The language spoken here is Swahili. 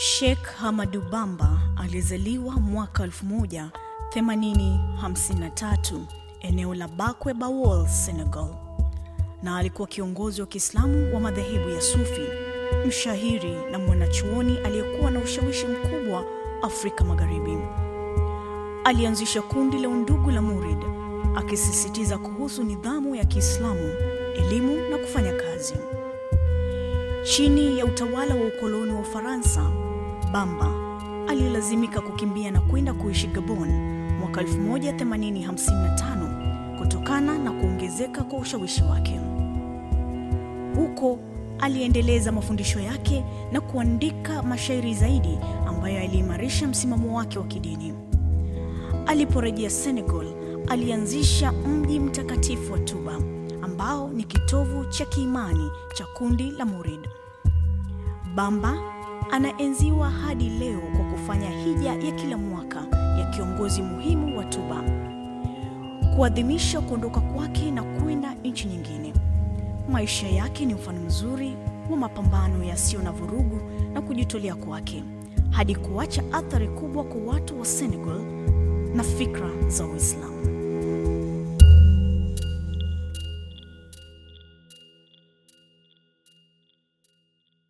Sheikh Hamadu Bamba alizaliwa mwaka 1853 eneo la Bakwe Bawol, Senegal, na alikuwa kiongozi wa Kiislamu wa madhehebu ya Sufi, mshahiri na mwanachuoni aliyekuwa na ushawishi mkubwa Afrika Magharibi. Alianzisha kundi la Undugu la Murid akisisitiza kuhusu nidhamu ya Kiislamu, elimu na kufanya kazi. Chini ya utawala wa ukoloni wa Ufaransa Bamba alilazimika kukimbia na kwenda kuishi Gabon mwaka 1855 kutokana na kuongezeka kwa ushawishi wake. Huko aliendeleza mafundisho yake na kuandika mashairi zaidi ambayo aliimarisha msimamo wake wa kidini. Aliporejea Senegal, alianzisha mji mtakatifu wa Touba ambao ni kitovu cha kiimani cha kundi la Murid. Bamba anaenziwa hadi leo kwa kufanya hija ya kila mwaka ya kiongozi muhimu wa Tuba kuadhimisha kuondoka kwake na kwenda nchi nyingine. Maisha yake ni mfano mzuri wa mapambano yasiyo na vurugu na kujitolea kwake hadi kuacha athari kubwa kwa watu wa Senegal na fikra za Uislamu.